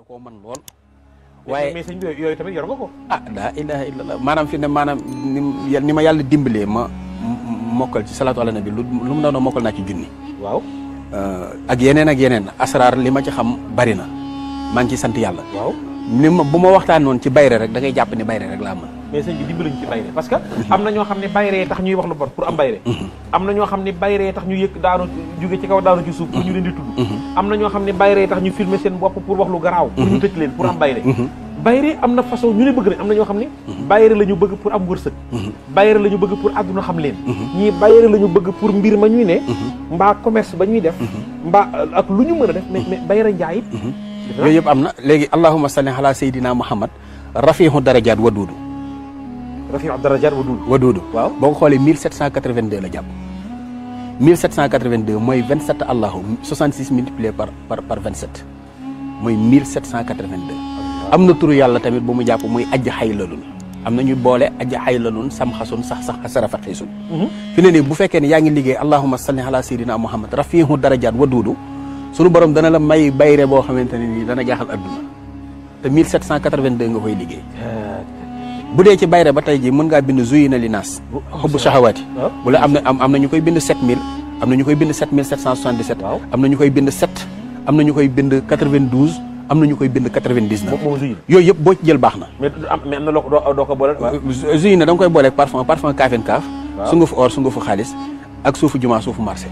da koo mën lool. waaye mais yooyu tamit yor nga ko. ah laa ilaha illallah maanaam fi ne maanaam ni ma yàlla dimbalee ma mokkal ci salaatu ala bi lu mu doon mokkal naa ci junni. waaw. Uh, ak yeneen ak yeneen asraar li ma ci xam bari na maa ngi ciy sant yàlla. waaw ni ma bu ma noonu ci bayre rek dangay jàpp ni bayre rek laa mën. mais sëñ bi dimbali ñu ci bayre parce que am na ñoo xam ne bayree tax ñuy wax lu bon pour am bayre am na ñoo xam ne tax ñu yëkk daanu jóge ci kaw daanu ci suuf pour ñu leen di tudd am na ñoo xam ne bayree tax ñu filmer seen bopp pour wax lu garaaw pour ñu tëj leen pour am bayre bayre am na façon ñu ne bëgg nañ am na ñoo xam ne bayre la ñu bëgg pour am wërsëg bayre la ñu bëgg pour àdduna xam leen ñii bayre la ñu bëgg pour mbir ma ñuy ne mbaa commerce ba ñuy def mbaa ak lu ñu mën a def mais mais bayre njaayit yooyu yëpp am na léegi allahuma salli ala sayyidina muhammad rafihu darajat wadudu rafiu darajaat waduudu waduudu waaw boo ko xoolee 1782 la jàpp 1782 mooy 27 allahu 66 multiplié par par par 27 mooy 1782 am na turu yàlla tamit bu mu jàpp muy ajj xay lalun am na ñu boole ajj xay lalun sam xasun sax sax sarafa xiisun mhm. fi ne nii bu fekkee ne yaa ngi liggéey allahuma salli ala sayidina muhammad rafihu darajaat waduudu sunu borom dana la may bayre boo xamante ne nii dana jaaxal adduna te 1782 nga koy liggéey eh. bu dee ci bayre ba tey jii mën ngaa bind zuyina li naas xubbu saxawaati bu oh, ah. am na am na ñu koy bind 7000 am na ñu koy bind 7777 am na ñu koy bind 7 am na ñu koy bind 92 am na ñu koy bind 99 yooyu yëpp boo jël baax na mais am na loo doo boole euh, zuyina da nga koy booleeg parfum parfum kaafin kaaf su nga fu xaalis ak suufu jumaa suufu marché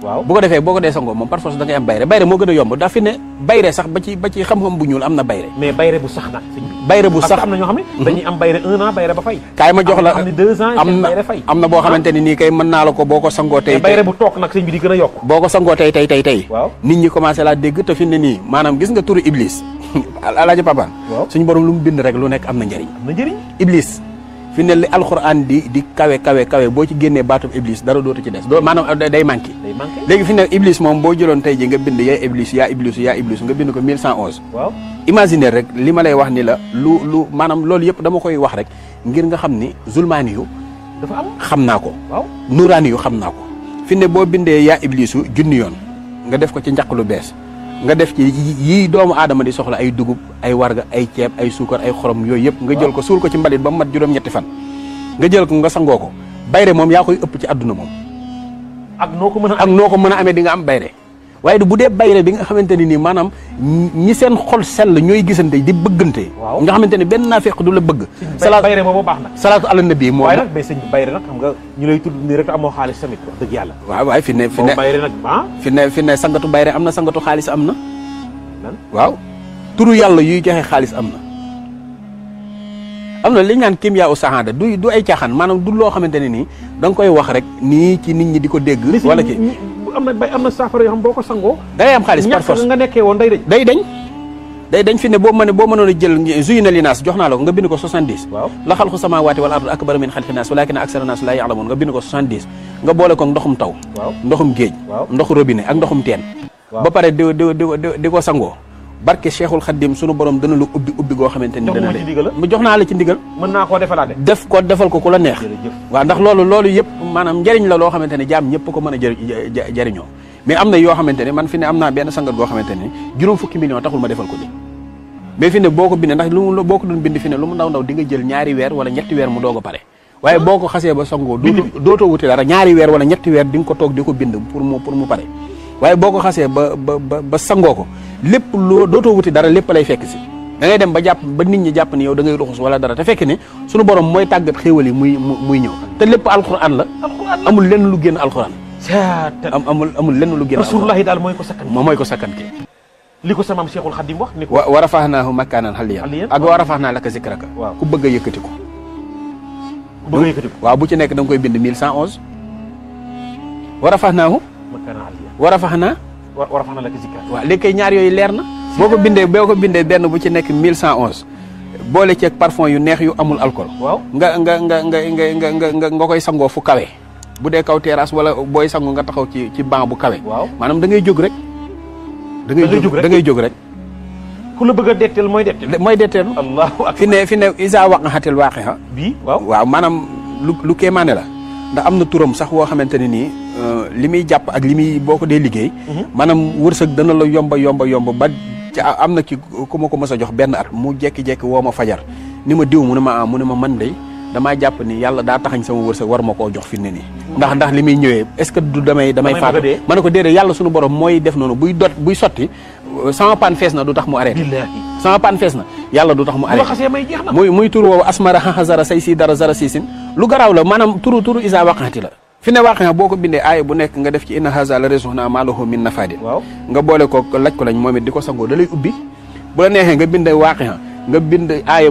waaw bu ko defee boo ko dee sangoo moom par force da ngay am bayre bayre moo gën a yomb daa fi ne bayre sax ba ci ba ci xam-xam bu ñuul am na bayre xam ne mhm. dañuy am bayre un an bayre ba fay kaay ma jox la am na am na boo ah. xamante ne nii kay mën naa la ko boo ko sangoo tey bayre bu a yokk boo ko sangoo tey tey tey tey waaw nit ñi commencé laa dégg te fi nii maanaam gis nga turu iblis alaaji papa suñu borom lu mu bind rek lu nekk am na njëriñ na njëriñ iblis fi ne li alxuraan di di kawe kawe kawe boo ci génnee baatub iblis dara dootu ci des doo maanaam uh, day manqué léegi fi ne iblis moom boo jëloon tey ji nga bind yaa iblis yaa iblis yaa iblis nga bind ko 1111 waaw imaginer rek li ma lay wax ni la lu lu maanaam loolu yëpp dama koy wax rek ngir nga xam ni zulmaani yu dafa am xam naa ko waaw nuraani yu xam naa ko fi boo bindee yaa iblisu junni yoon nga def ko ci njaq lu bees nga def ci yii doomu adama di soxla ay dugub ay warga ay ceeb ay suukar ay xorom yooyu yëpp nga jël ko suul ko ci mbalit ba mu mat juróom-ñetti fan nga jël ko nga sangoo ko bayre moom yaa koy ëpp ci adduna moom ak noo ko mën a amee di nga am bayre waye du budé bayré bi nga xamanteni ni manam ñi seen xol sel ñoy gisante di bëggante nga xamanteni ben nafiq du la bëgg salaat bayré mo bo baxna salatu ala nabi mo waaye nak bay sëñ bayré nak xam nga ñu lay tuddu ni rek amo xaaliss tamit wax deug yalla waaw waaye fi ne fi ne bayré nak ba ah? fi ne fi ne sangatu bayré amna sangatu xaaliss amna waaw turu yalla yu joxe xaaliss amna? Amna li ñaan kimya o sahada du du ay tiaxan manam du lo xamanteni ni dang koy wax rek ni ci nit ñi diko dégg wala ki am na bay am na saafara yoo xam boo ko sangoo. day am xaalis par force ñàkk nga nekkee woon day dañ. day dañ day dañ fi ne boo mënee boo jël zuyu na linaas jox naa la ko nga bind ko 70. waaw la xalqu samaawaati wal ardi akbaru min xalqi naas walaakina aksara naas laa ya'lamuun nga bind ko 70. nga boole ko ndoxum taw. waaw ndoxum géej. waaw ndoxu robinet ak ndoxum teen. ba pare di di sangoo barke Cheikhul Khadim sunu borom dana la ubbi ubbi goo xamante ni dana mu jox naa la ci ndigal mën naa koo defalaate def ko defal ko ku la neex waaw ndax loolu loolu yëpp maanaam njëriñ la loo xamante ne jaam ñëpp ko mën a jë jëriñoo mais am na yoo xamante ne man fi ne am na benn sangat goo xamante ne juróom fukki million taxul ma defal ko bi mais fi ne boo ko bindee ndax lu mu boo ko doon bind fi ne lu mu ndaw ndaw di nga jël ñaari weer wala ñetti weer mu doog a pare waaye boo ko xasee ba sangoo dootoo wuti dara ñaari wala ñetti di nga ko toog di ko bind pour mu pour mu pare waaye boo ko xasee ba ba ba sangoo ko lépp loo dootoo wuti dara lépp lay fekk si da ngay dem ba jàpp ba nit ñi jàpp ni yow da ngay ruxus wala dara te fekk ne sunu borom mooy tàggat xéewal yi muy muy ñëw te lépp alxuraan la amul lenn lu génn alxuraan am amul amul lenn lu génn rasulullahi daal mooy ko sakkan moom mooy ko sakkan kii li ko samaam Cheikhul Khadim wax ni ko wa rafahnaahu makaanan aliyyan ak wa rafahnaa laka zikraka ku bëgg a yëkkati ko ku bëgg a yëkkati ko waaw bu ci nekk da nga koy bind 1111 wa rafahnaahu makaanan aliyyan war a fax na war a na la ko zikkar waaw léegi ñaar yooyu leer na boo ko bindee boo ko bindee benn bu ci nekk mille cent onze boole ceeg parfum yu neex yu amul alcool waaw nga nga nga nga nga nga nga koy sangoo fu kawe bu dee kaw terrasse wala booy sangu nga taxaw ci ci banc bu kawe maanaam da ngay jóg rek da ngay jóg da ngay jóg rek ku la bëgg a detteel mooy detteel mooy detteel allahu akbar fi ne fi ne isa waqaxatil waaqixa bii waaw waaw maanaam lu lu kéemaane la ndax am na turam sax woo xamante ne nii euh, li muy jàpp ak li muy boo ko dee liggéey. Mhm. maanaam wërsëg dana la yomba yomba yomba ba ca am na ki ku ma ko mës a jox benn at mu jekki-jekki woo ma fajar ni ma diw mu ne ma ah mu ne ma man de damaa jàpp ni yàlla daa taxañ sama wërsëg war ma koo jox fi ne nii. ndax ndax li muy ñëwee est-ce que du damay. damay faatu ma ne ko déedéet yàlla suñu borom mooy def noonu buy dot buy sotti. sama pan fees na du tax mu arrêté sama pan fees na yàlla du tax mu arrêté muy muy tur woowu asmara xaxazara say si dara zara siisin lu garaaw la maanaam turu turu isa waqaati la fi ne waaqe boo ko bindee aaya bu nekk nga def ci inna haza la rizquna ma lahu min nafadin nga boole ko laj ko lañ moom it bu la neexee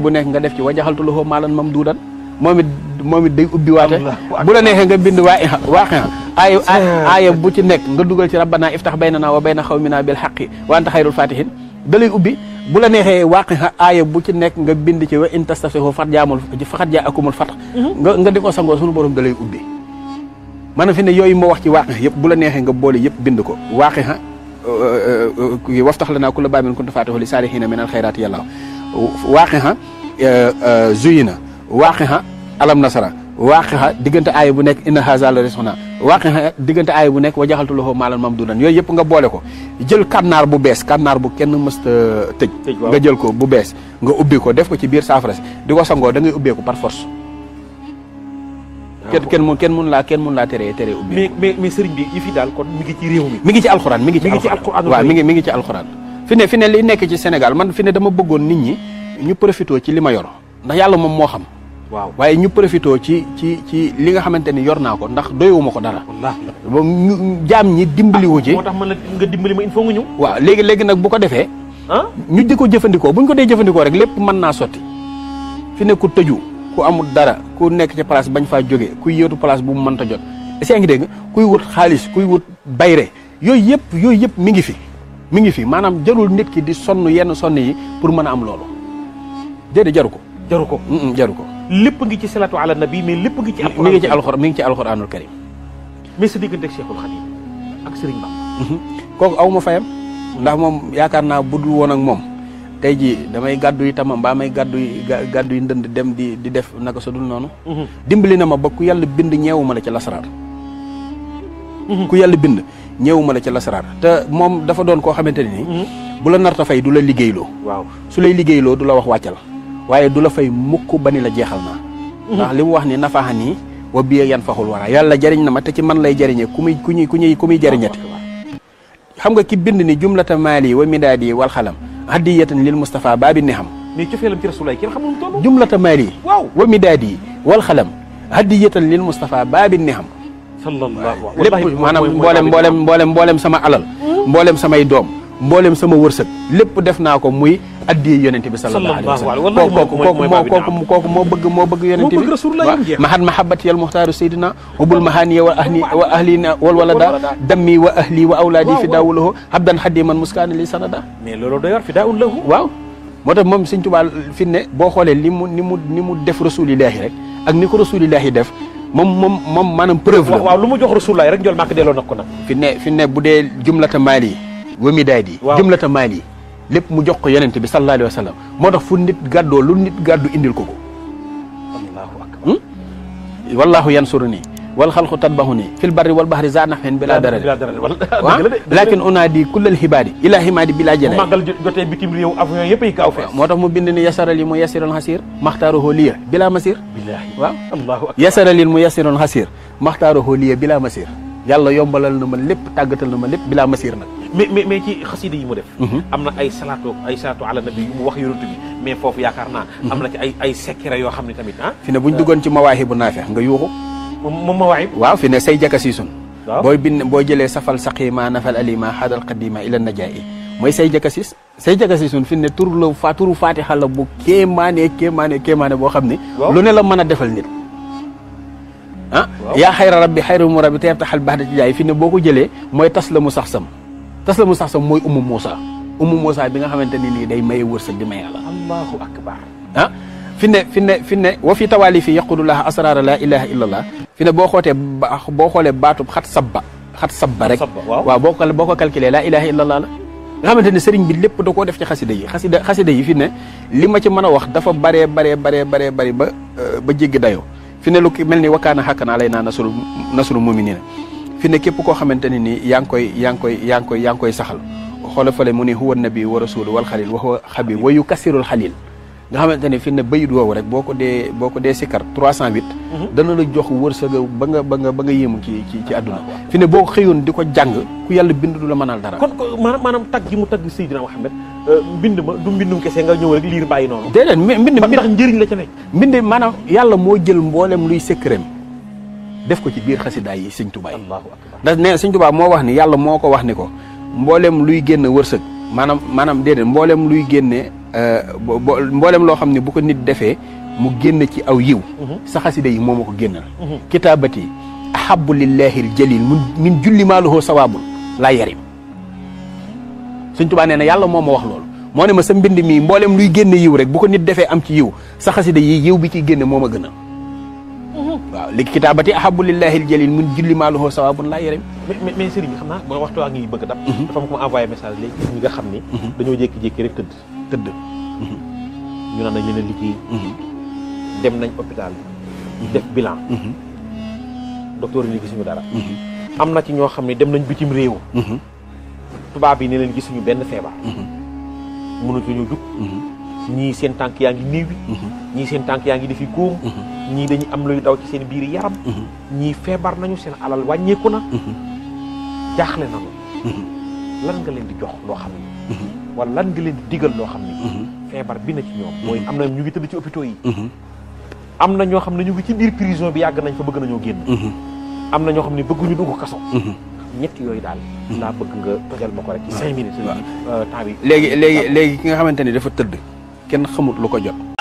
nekk nga def ci wajaxaltu lahu maalan mamduudan moom it moom it day ubbi waate bu la neexee nga bind waa waaqe aaya aaya bu ci nekk nga dugal ci na iftax baynana wa bayna xawmina bil xaqi wa anta xayrul fatihin dalay ubbi bu la neexee waaqi aaya bu ci nekk nga bind ci wa in tastaftihu fat jaamul faxat jaa akumul fatax nga nga di ko sangoo sunu borom dalay ubbi maanaam fi ne yooyu moo wax ci waaqi yëpp bu la neexee nga boole yëpp bind ko waaqi kii uh, uh, uh, waftax la naa ku la baamin kuntu faatihu li saalihiina min alxayraati yàlla waaqi zuyina waaqi alam nasara xa diggante aaya bu nekk ina haza la wax digënté ay bu nek wa jaxaltu malan maalan mam dunan yooyu yëpp nga boole ko jël kanar bu bes kanar bu kenn mësta tej nga jël ko bu bes nga ubbi ko def ko ci biir safras diko sango da ngay ko par force Ken ken mun ken mun la ken mun la tere tere ubbi mais mais mais sëriñ bi yifi dal kon mi ngi ci réew mi mi ngi ci alcorane mi ngi ci alcorane wa mi ngi mi ngi ci alcorane fi ne li nek ci Sénégal man fi dama bëggoon nit ñi ñu profito ci lima yor ndax yalla mom mo xam waaw waaye ñu profité ci ci ci li nga xamante ni yor naa ko ndax doyewuma ko dara. ba jaam ñi dimbali wu ah, ci. moo tax nga dimbali il faut nga waaw léegi léegi nag bu ko defee. Ah? ñu di jëfandikoo bu ñu ko dee jëfandikoo rek lépp mën naa sotti fi ne ku tëju ku amul dara ku nekk ci place bañ faa jóge kuy yëtu place bu mu mënta jot. est-ce que ngi dégg kuy wut xaalis kuy wut bayre yooyu yëpp yooyu yëpp mi ngi fi mi ngi fi maanaam jarul nit ki di sonn yenn sonn yi pour mën a am loolo déedéet jaru ko. jaru ko jaru ko. lepp ngi ci salatu ala nabi mais lepp ngi ci. mi ngi ci alquran mi ngi ci alquranul karim. mais sa diggante Cheikhul Khadim ak Serigne bam mhm. kooku aw fayam ndax mom yaakaar budul won ak mom tay ji damay gaddu tamam may gaddu gaddu ndënd dem di di def naka sa dul noonu. Mhm. dimbali na ma ba ku yalla bind ñewuma la ci lasrar mhm. ku yalla bind ñewuma la ci lasrar te mom dafa doon ko xamanteni ni bu la narta fay du la liggeylo waaw su lay liggeylo du la wax waccal waaye du la fay mukk ba ni la jeexal naa mhm. ndax li mu wax ni nafaxa nii wa biir yan faxul wara yàlla jariñ na ma te ci man lay jariñe ku muy ku ñuy ku ñuy ku muy jariñati xam nga ki bind ni jumlata maali wa midaadi wal xalam hadiyatan lil Moustapha baabi ni xam mais cofeelam ci rasulaay kenn xamul toll jumlata maali waaw wa midaadi wal xalam hadiyatan lil Moustapha baabi ni xam sallallahu lépp maanaam mboolem mboolem mboolem mboolem sama alal hmm? mboolem samay doom mboolem sama wërsëg lépp def naa ko muy addiyee yonente bi sallallahu alayhi wa sallam kooku moo bëgg moo bëgg yonente bi waaw mahat mahabati yal muxtaaru saydina wabul mahaniya wa ahli wa ahlina wal walada dammi wa ahli wa awlaadi fi daawu lahu habdan muskaani li sanada mais loolu doy war fi daawul lahu waaw moo tax moom Sëñ Tuubaa fi ne boo xoolee li mu ni mu ni mu def rasulillahi rek ak ni ko rasulillahi def moom moom moom maanaam preuve la waaw lu mu jox rasulillahi rek njol màkk delloo na ko nag fi ne fi ne bu dee jumlata maali wa midaadi jumlata maali yi lépp mu jox ko yonent bi sallallahu alayhi wa moo tax fu nit gàddoo lu nit gàddu indil ko ko. allahu akbar. Hmm? wallaahu yansuru nii. wal xalqu tatbaxu nii. fil barri wal baxri zaa nafen bila dara. bila dara waaw laakin unaadi kullal xibaadi. ilaa ximaadi bila janaay. mu màggal jotee bitim réew avion yëpp yi kaaw fees. moo tax mu bind ni yasaralil mu yasiroon xasir. maxtaaruhu liya bila masir. billaahi waaw yàlla yombalal na ma lépp tàggatal na ma lépp bila masir nag mais mais mais ci xasida yi mu def. Mhm. ay salaatu ay salaatu ala nabi wax mais foofu yaakaar naa. Mhm. am na ci ay ay secret yoo xam ne tamit ah. fi ne bu ñu duggoon ci mawaahi bu naafex nga yuuxu. moom mawaahib waaw fi ne say jaka siisun. waaw booy bind boo jëlee safal saqima nafal alima xadal qadima ila najaa'i mooy say jakasis say jakasisun fi ne tur la fa turu faatixa la bu kéemaane kéemaane kéemaane boo xam ne. lu ne la mën a defal nit. ah yaa xayra rabbi xayra mu rabbi te yaftaxal baax da ci jaay fi ne boo ko jëlee mooy tas la mu sax sam tasla mustaxsam mooy umu Moussa umu Moussa bi nga xamante ne day maye wërsëg di may yàlla allahu akbar ah fi ne fi ne fi ne wa fi tawaali fi yaqulullah asraara la ilaha illa allah fi ne boo xootee boo xoolee baatub xat sabba xat sabba rek waaw boo ko boo la ilaha illa allah la nga xamante ne sëriñ bi lépp da koo def ci xasida yi xasida xasida yi fi ne ci mën wax dafa bare bare bare bare bari ba ba jéggi dayoo fi ne lu ki mel ni wakkaana xàkkanaa lay muminina fi képp koo xamante ne nii yaa ngi koy yaa koy yaa ngi koy yaa ngi koy saxal xoola fale mu ne huwa nabi wa rasulu wal xalil wa huwa xabib wa yukasirul xalil nga xamante ne fi ne bayit woowu rek boo ko dee boo ko dee sikkar 308 mhm. dana la jox wërsëg sa nga ba nga ba nga yéemu ci ci ci àdduna fi ne boo xëyoon di ko jàng ku yàlla bind du la mënal dara kon maanaam maanaam tag gi mu tagg Seydina Muhammad euh, mbind ma nga ñëw rek liir bàyyi noonu la ca nekk mbind yàlla moo jël mboolem luy secret def ko ci biir xasida yi sëñ Tuubaa yi ndax nee sëñ Tuubaa moo wax ni yàlla moo ko wax ni ko mbooleem luy génn wërsëg maanaam maanaam déedéet mbooleem luy génne euh, mbooleem loo xam ne bu ko nit defee mu génn ci aw yiw mhm. sa xasida yi moo ma ko génnal mhm. kitaabati ahabu lillahi jalil mun min julli maaluhoo sawaabun laa yarim sëñ moo ma wax loolu moo ne ma sa mbind mii mbooleem luy génne yiw rek bu ko nit defee am ci yiw sa xasida yiw bi ci génne moo ma gënal waaw léegi kitaabati ahabu lillahi aljalil mun julli maaluhu sawabun laa yërëm mais mais sëriñ xam naa mooy waxtu waa ngi bëgg dab mhm. dafa am ko ma envoyé message léegi ñi nga xam ni mhm. dañoo jékki-jékki rek tëdd tëdd mhm. ñu naan nañ leen a liggéey dem nañ hôpital def bilan docteur yi ni gisuñu dara am na ci ñoo xam ne dem nañ bitim réew tubaab yi ne leen gisuñu benn feebar mënatuñu jug ñii seen tànk yaa ngi néewi mhm. ñii seen tànk yaa ngi defi góom mhm. ñii dañu am luy daw ci seen biir yaram mhm. ñii feebar nañu seen alal wàññeeku na jaaxle na lan nga leen di jox loo xam ne wala lan nga digal loo xam ne feebar bi na ci ñoom mooy am na ñu ngi tëdd ci hôpitaux yi am na ñoo xam ne ñu ngi ci biir prison bi yàgg nañ fa bëgg nañoo génn am na ñoo xam ne bëgguñu dugg kaso ñett yooyu daal laa bëgg nga tojal ko rek ci ah. cinq minutes ah. euh, temps bi léegi léegi léegi ki nga xamante ni dafa tëdd kenn xamut lu ko jot